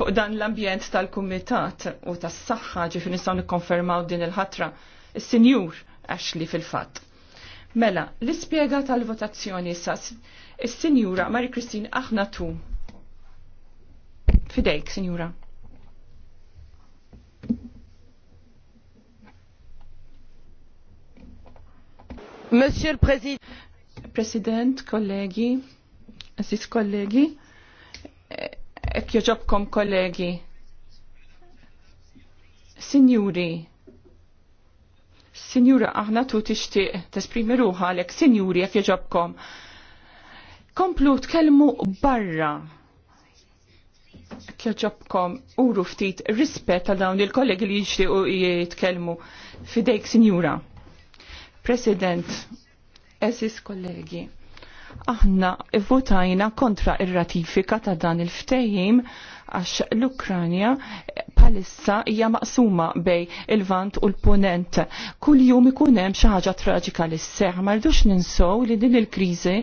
fuq dan l-ambjent tal-kumitat u tas-saħħa ġifi nistgħu nikkonfermaw din il-ħatra il sinjur għaxli fil-fatt. Mela, l-ispjega tal-votazzjoni sas is-sinjura Mari Kristin aħna tu. Fidejk, sinjura. Monsieur le Président. President, kollegi, assis kollegi, ekjoġobkom kollegi. Sinjuri, Sinjura, aħna tu tixtieq tesprimi ruħa għalek, sinjuri, jekk joġobkom. Komplu tkellmu barra kjoġobkom uru ftit rispet għal dawn il-kollegi li jixtiequ jitkellmu fidejk sinjura. President, eżis kollegi aħna votajna kontra ir-ratifika ta' dan il ftehim għax l-Ukranja palissa hija maqsuma bej il-vant u l-punent. Kull jum ikun hemm xi ħaġa traġika li sseħ ma rridux ninsow li din il-kriżi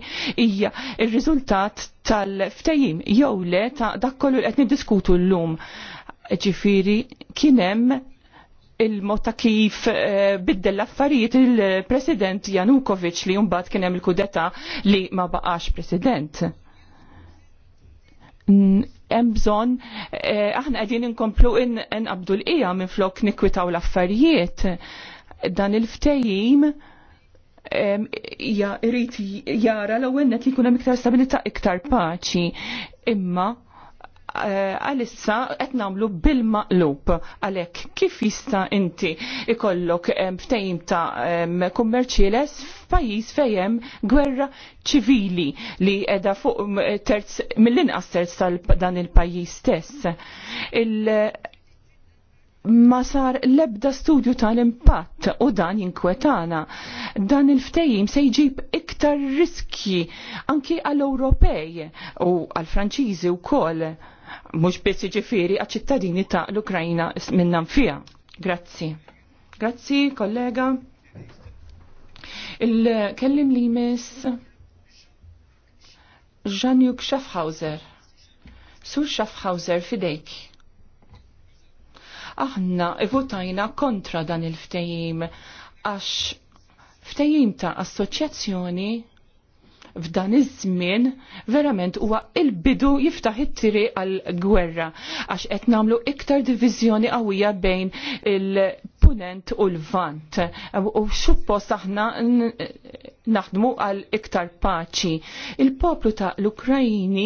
hija r-riżultat tal ftehim jew le ta' dak kollu qed niddiskutu llum. Ġifieri kien hemm il-mod ta' kif eh, biddel l-affarijiet il-President Janukovic li jumbat kien hemm il-kudeta li ma baqax President. Hemm bżonn eh, aħna qegħdin inkomplu in l ija minn flok nikwitaw l-affarijiet. Dan il-ftejim irrit jara l-ewwel li jkun hemm iktar iktar paċi. Imma Eh, għalissa qed nagħmlu bil-maqlub għalhekk kif jista' inti ikollok eh, ftehim ta' eh, kummerċieles f'pajjiż fejn gwerra ċivili li edha fuq terz mill-inqas terz tal dan il-pajjiż stess ma sar lebda studju tal-impatt u dan jinkwetana. Dan il-ftejim se jġib iktar riski anki għal-Ewropej u għal-Franċiżi u kol, mux biss ġifiri għal-ċittadini ta' l-Ukrajna minnan fija. Grazzi. Grazzi, kollega. Il-kellim li mis Jean-Luc Schaffhauser. Sur Schaffhauser fidejk aħna votajna kontra dan il-ftejim għax ftejim ta' assoċjazzjoni f'dan iż-żmien verament huwa il-bidu jiftaħ it-tiri għal-gwerra għax qed nagħmlu iktar diviżjoni qawwija bejn il-punent u l-vant. U suppost aħna naħdmu għal iktar paċi. Il-poplu ta' l-Ukrajini,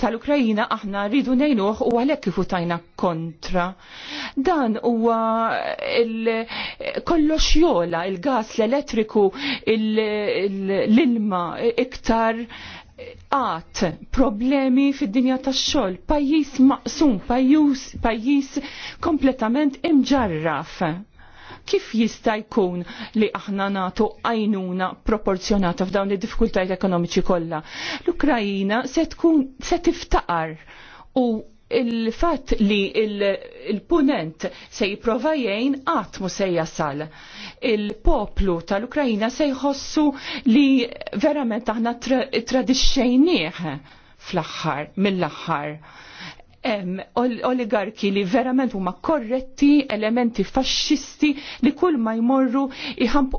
ta' l-Ukrajina aħna rridu nejnuħ u għalek kifu tajna kontra. Dan huwa kollox jola, il-gas, l-elettriku, l-ilma, iktar għat problemi fid-dinja tax xogħol pajjiż maqsum, pajjiż kompletament imġarraf Kif jista' jkun li aħna nagħtu għajnuna proporzjonata f'dawn id-diffikultajiet ekonomiċi kollha? L-Ukrajina se tkun se tiftaqar u il-fat li il-punent se jiprofa jgħin għatmu se jasal. Il-poplu tal-Ukrajina se jħossu li verament aħna tradixxejnieħ fl-axħar, mill-axħar hemm oligarki li verament huma korretti, elementi faxxisti li kull ma jmorru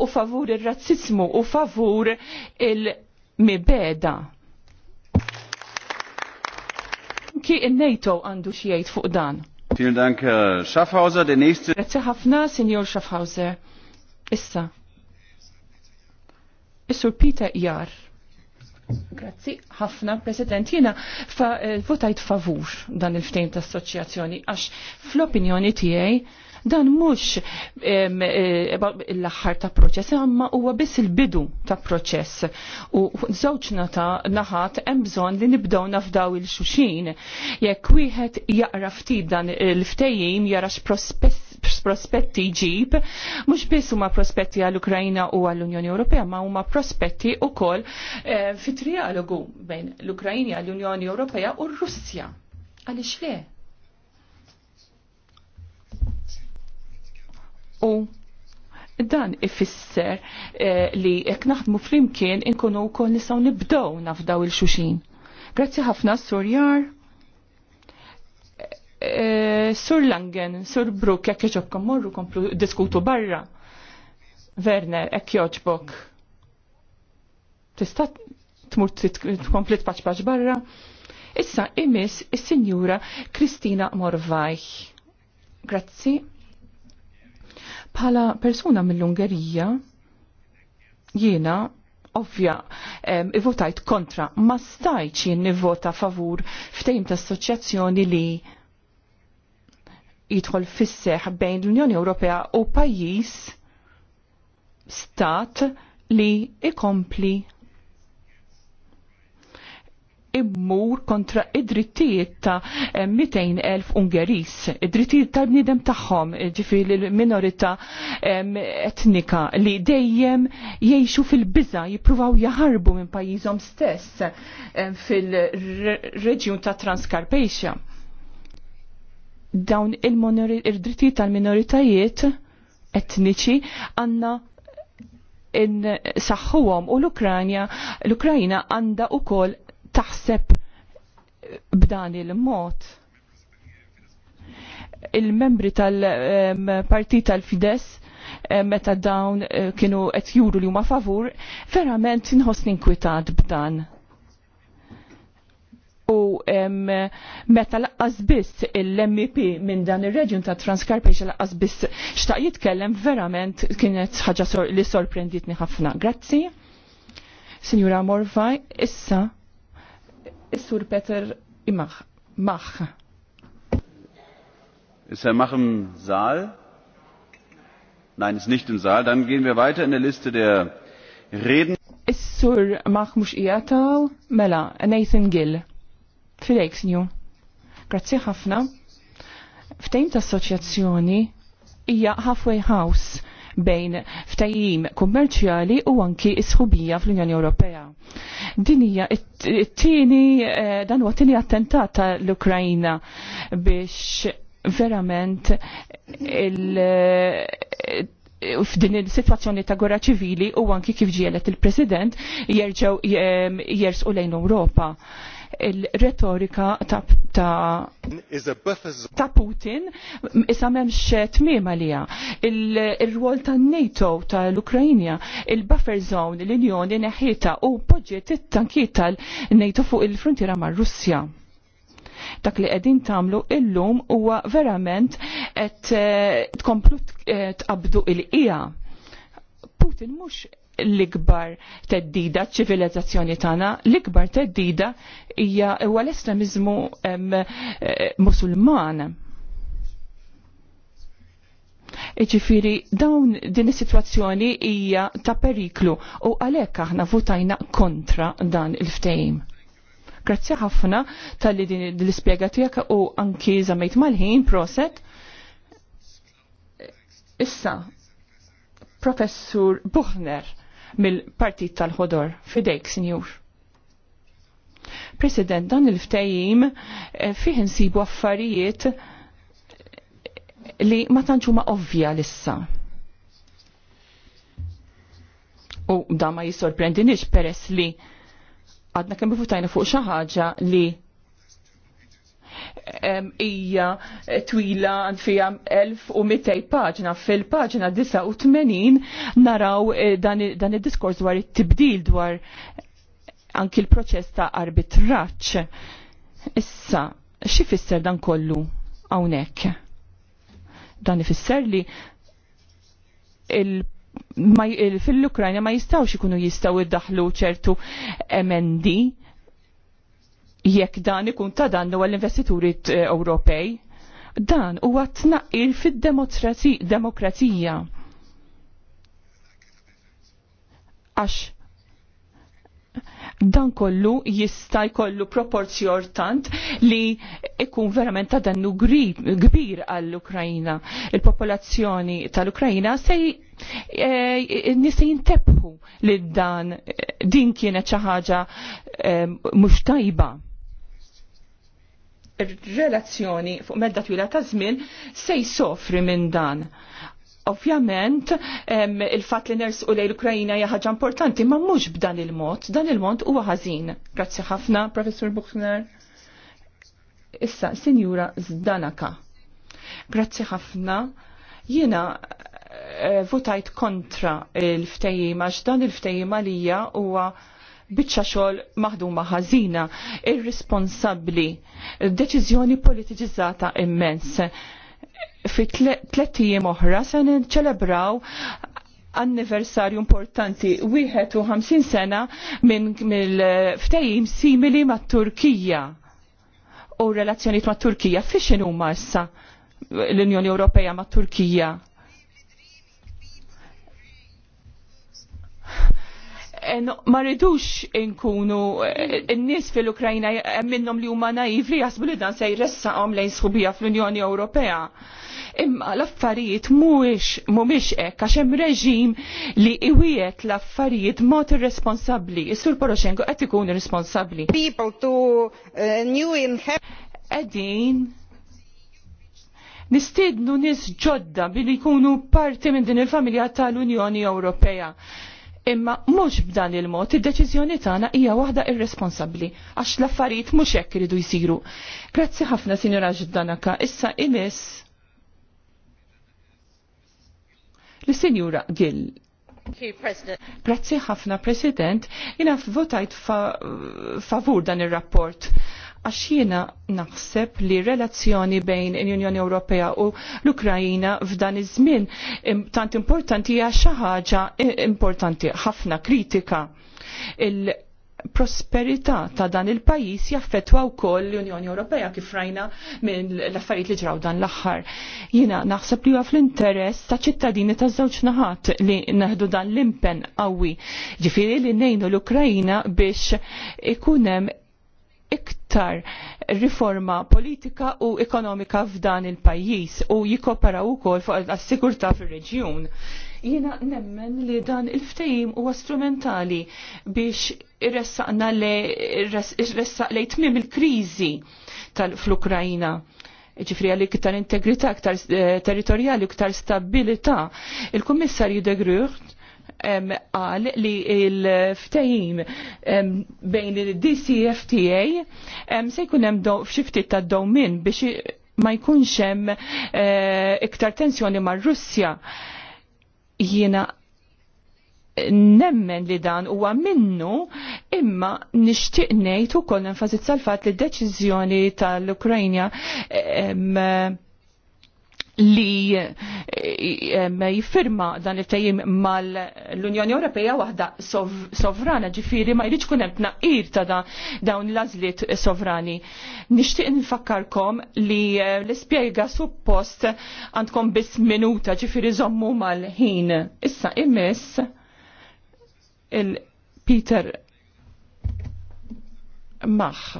u favur ir-razzizmu u favur il-mibeda. Ki il-NATO għandu xiejt fuq dan. Vielen Dank, Schaffhauser. Der nächste. Grazie ħafna, Signor Schaffhauser. Issa. Is-Sur Peter jarr. Grazzi, ħafna, President, jina fa, eh, votajt favur dan il-ftejn ta' assoċjazzjoni, għax fl-opinjoni tiegħi dan mhux eh, l-aħħar ta' proċess, imma huwa biss il-bidu ta' proċess. U żewġ ta' naħat hemm bżonn li nibdew nafdaw il-xuxin. Jekk wieħed jaqra ftit dan il-ftejjim jara x'prospess prospetti ġib, mhux biss huma prospetti għall-Ukrajna u għall-Unjoni Ewropea, ma huma prospetti wkoll e, eh, fit-trialogu bejn l-Ukrajna, l-Unjoni Ewropea u r-Russja. Għaliex le? U dan ifisser eh, li jekk naħdmu flimkien inkunu wkoll nistgħu nibdew nafdaw il-xuxin. Grazzi ħafna Sorjar. Sur Langen, Sur Brook, jekk joġobkom morru komplu diskutu barra. Werner, jekk joġbok. Tista' tmur tkompli tpaċ paċ barra. Issa imis is-Sinjura Kristina Morvaj. Grazzi. Bħala persuna mill-Ungerija, jiena ovvja um, votajt kontra, ma stajċi jien nivvota favur ftejm ta' assoċjazzjoni li jidħol fisseħ bejn l-Unjoni Ewropea u pajjiż stat li ikompli immur kontra id-drittijiet ta' 200.000 Ungeris, id-drittijiet ta' bnidem tagħhom, ġifir l-minorita etnika li dejjem jiexu fil-biża jippruvaw jaħarbu minn pajjiżhom stess fil-reġjun ta' Transkarpatja dawn il-drittijiet tal-minoritajiet etniċi għanna in saħħuhom u l-Ukranja, l-Ukrajna għanda u kol taħseb b'dan il-mod. Il-membri tal-partit tal-Fides meta dawn eh, kienu qed juru li huma favur, verament inħoss ninkwitat b'dan u meta laqqas biss il-MEP minn dan ir-reġjun ta' Transcarpation laqqas biss xtaq jitkellem verament kienet ħaġa sor li sorprenditni ħafna. Grazzi. Signora Morvaj, issa is-Sur Peter Imach. Mach. Ist Herr Mach im Saal? Nein, ist nicht im Saal. Dann gehen wir weiter in der Liste der Reden. Is-Sur Mach mux Mela, Nathan Gill. Fidejk, sinju. Grazzi ħafna. Ftejm ta' assoċjazzjoni hija halfway house bejn ftajim kummerċjali u anki isħubija fl-Unjoni Ewropea. Din hija t-tieni eh, dan huwa tieni attentat tal-Ukrajna biex verament il eh, f'din il-situazzjoni ta' gwerra ċivili u anki kif ġielet il-President jerġgħu eh, jersqu lejn Ewropa il-retorika ta, ta, ta, Putin isa memx eh, tmima lija. Il-rwol ta' NATO tal ukrajina il-buffer zone, l-Unjoni neħita u poġġiet it tankita tal-NATO fuq il-frontiera mar russja Dak li qegħdin tagħmlu illum huwa verament qed eh, tkomplu eh, tqabdu il-qija. Putin mhux l-ikbar teddida ċivilizzazzjoni tagħna, l-ikbar teddida hija huwa l-estremizmu eh, musulman. Iġifiri, dawn din is-sitwazzjoni hija ta' periklu u għalhekk aħna votajna kontra dan il-ftehim. Grazzi ħafna tal-li din l-ispjega tiegħek u anki żamejt mal-ħin proset. Issa, Professur Buchner mill-Partit tal-Ħodor. Fidejk, Sinjur. President, dan il ftajim eh, fih insibu affarijiet li ma tantx huma ovvja lissa. U da ma nix peress li għadna kemm bifutajna fuq xi ħaġa li hija twila fija 1200 paġna. Fil-paġna 89 naraw eh, dan id-diskors dwar it-tibdil dwar anki l-proċess ta' arbitraċ. Issa, fisser dan kollu hawnhekk? Dan ifisser li il fil-Ukrajna ma jistawx ikunu jistaw id-daħlu ċertu emendi jekk dan ikun ta' dannu għall-investituri eh, Ewropej. Dan huwa tnaqqil fid-demokrazija. Għax dan kollu jista' jkollu proporzjortant li ikun verament ta' dannu kbir għall-Ukrajina. Il-popolazzjoni tal-Ukrajina se eh, nista' jintebħu li dan eh, din kienet xi ħaġa mhux tajba relazzjoni fuq medda twila ta' żmien se jsofri minn dan. Ovvjament, il-fat li nersu lejn lej l-Ukrajina ħaġa importanti, ma mhux b'dan il-mod, dan il-mod huwa ħażin. Grazzi ħafna, Professur Buchner. Issa, Sinjura Zdanaka. Grazzi ħafna. Jiena eh, votajt kontra il-ftejjima, x'dan il-ftejjima lija huwa biċċa xogħol maħduma ħażina, irresponsabbli, deċiżjoni politiċizzata immens. Fi tliet ijiem oħra se niċċelebraw anniversarju importanti 51 sena minn mill-ftehim simili mat-Turkija u relazzjonijiet ma' turkija Fiex huma issa l-Unjoni Ewropea mat-Turkija? Eh, ma rridux inkunu eh, n-nies fil-Ukrajna eh, minnhom li huma naiv li jasbu li dan se jressaqhom lejn sħubija fl-Unjoni Ewropea. Imma l-affarijiet mhuwiex mhumiex hekk għax hemm reġim li iwiet l-affarijiet mod irresponsabbli. Is-Sur Poroshenko qed ikun irresponsabbli. People to uh, new Qegħdin nistednu nis ġodda billi jkunu parti minn din il-familja tal-Unjoni Ewropea. Imma mhux b'dan il-mod id-deċiżjoni tagħna hija waħda irresponsabbli għax l-affarijiet mhux hekk iridu jsiru. Grazzi ħafna Sinjora Ġiddanaka, issa imis. l-Sinjura Gill. Grazzi ħafna, President. Jina votajt favur dan ir rapport għax jiena naħseb li relazzjoni bejn l-Unjoni Ewropea u l-Ukrajina f'dan iż-żmien tant importanti hija xi ħaġa importanti ħafna kritika. Il-prosperità ta' dan il-pajjiż jaffettwa wkoll l-Unjoni Ewropea kif rajna minn l-affarijiet li ġraw dan l-aħħar. Jiena naħseb li huwa fl-interess ta' ċittadini ta' żewġ naħat li neħdu dan l-impen qawwi. Ġifieri li ngħinu l-Ukrajina biex ikun hemm iktar riforma politika u ekonomika f'dan il-pajjiż u jikkoperaw ukoll fuq għas-sigurtà fir-reġjun. Jiena nemmen li dan il-ftehim huwa strumentali biex irressaqna le irressaq lejn tmiem il-kriżi tal-fl-Ukrajna ġifri għalik iktar integrità, iktar eh, territorjali, iktar stabilità. Il-Kummissarju de Grucht qal li l-ftehim bejn il-DCFTA se jkun hemm f'xiftit ta' domin biex ma jkunx hemm eh, iktar tensjoni mar-Russja. Jiena nemmen li dan huwa minnu imma nixtieq ngħid ukoll enfasizza tal fatt li d-deċiżjoni tal-Ukrajna li eh, jiffirma dan il-tajim mal-Unjoni Ewropea waħda sovrana ġifiri ma jridx kunem tnaqir ta' dawn l-azliet sovrani. Nishtiq nfakkarkom li eh, l-ispjega suppost għandkom bis minuta ġifiri zommu mal-ħin. Issa imess il-Peter Mach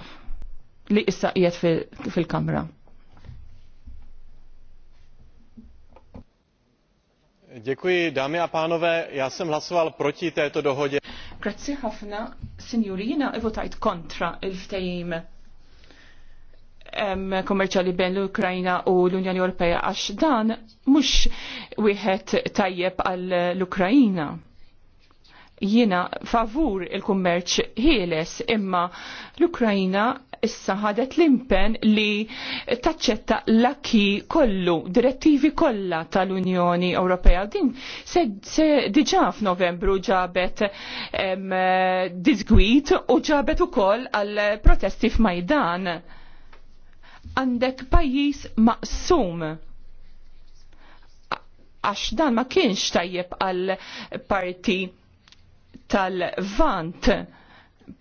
li issa jiet fil-kamra. Fil Děkuji, dámy a pánové, já jsem hlasoval proti této dohodě. Grazzi ħafna, sinjuri, jina votajt kontra il-ftejim komerċali bejn l-Ukrajna u l-Unjoni Ewropea għax dan mhux wieħed tajjeb għall-Ukrajna. Jiena favur il-kummerċ ħieles imma l-Ukrajna issa ħadet l-impen li taċċetta l-akki kollu, direttivi kollha tal-Unjoni Ewropea. Din se, se diġà f'Novembru ġabet disgwit u ġabet ukoll għal protesti f'Majdan. Għandek pajjiż maqsum għax dan ma kienx tajjeb għal parti tal-vant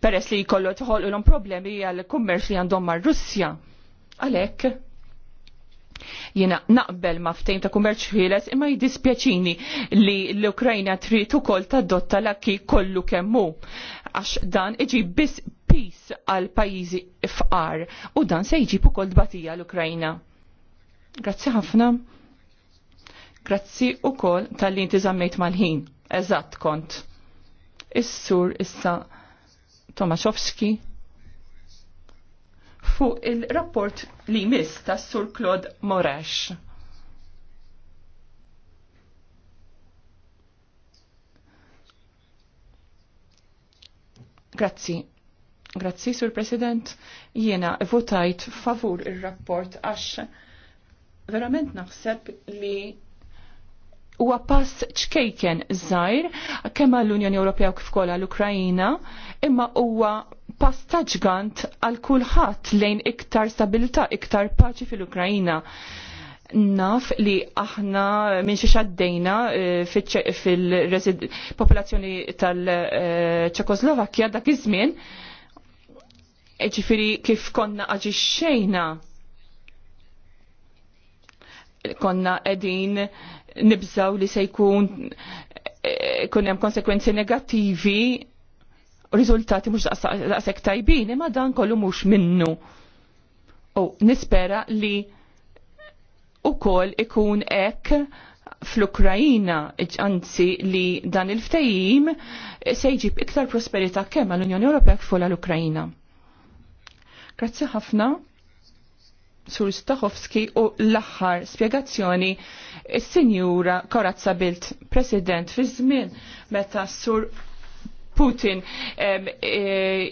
peress li jkollu tħolqu l problemi għal kummerċ li għandhom mar Russja. Għalek, jina naqbel maftejn ta' kummerċ ħieles imma jidispjaċini li l-Ukrajna trid ukoll tadotta l-akki kollu kemmu għax dan iġi biss pis għal pajjiżi fqar u dan se jġib ukoll dbatija l-Ukrajna. Grazzi ħafna. Grazzi ukoll tal-li inti mal-ħin. Eżatt kont. Is-sur issa Tomaszowski Fu il-rapport li mis ta' Sur Claude Moresh. Grazzi. Grazzi, Sur President. Jiena votajt favur il-rapport għax verament naħseb li huwa pass ċkejken żgħir kemm għall-Unjoni Ewropea u kif kollha l-Ukrajina, imma huwa pass ta' għal kulħadd lejn iktar stabilta, iktar paċi fil-Ukrajina. Naf li aħna minn xiex għaddejna eh, fil-popolazzjoni tal-Ċekoslovakkja dak iż-żmien, ġifiri kif konna aġixxejna xejna konna edin nibżaw li se jkun e, kun hemm konsekwenzi negattivi u riżultati mhux daqshekk tajbin, imma dan kollu mhux minnu. U nispera li ukoll ikun hekk fl-Ukrajina, anzi li dan il-ftajim se jġib iktar prosperita kemm għall-Unjoni Ewropea fuq l-Ukrajina. Grazzi ħafna. Sur Stachowski u l-aħħar spjegazzjoni is-Sinjura Korazza Bilt, President, fi żmien meta Sur Putin e,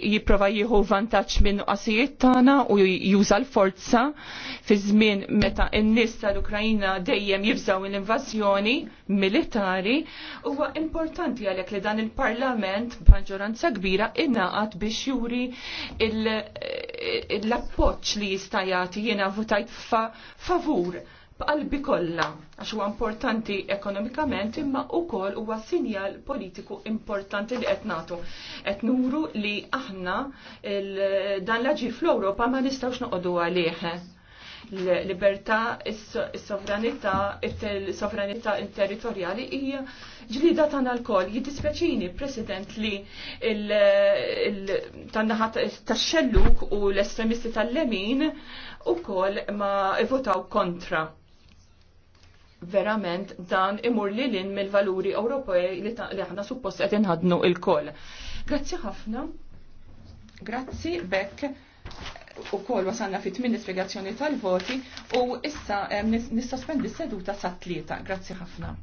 jipprova jieħu vantaġġ minn qasijiet tagħna u juża l-forza fi żmien meta n-nies tal-Ukrajna dejjem jibżaw l-invażjoni militari huwa importanti għalhekk li dan il-Parlament b'maġġoranza kbira innaqat biex juri e, l-appoġġ li jista' jagħti jiena votajt favur b'qalbi kollha għax huwa importanti ekonomikament imma wkoll huwa sinjal politiku importanti li qed nagħtu. Qed nuru li aħna dan l aġi fl-Ewropa ma nistgħux noqogħdu għalih l-libertà, is-sovranità, il-sovranità territorjali hija ġlida tagħna lkoll Jiddispjaċini, President, li tan-naħat tax-xelluk u l-estremisti tal-lemin ukoll ma votaw kontra verament dan imur li lin mill-valuri Ewropej li aħna suppost qed inħadnu il-koll. Grazzi ħafna. Grazzi bekk u kol wasanna fit min spiegazzjoni tal-voti u issa eh, nissospendi s-seduta sa' tlieta. Grazzi ħafna.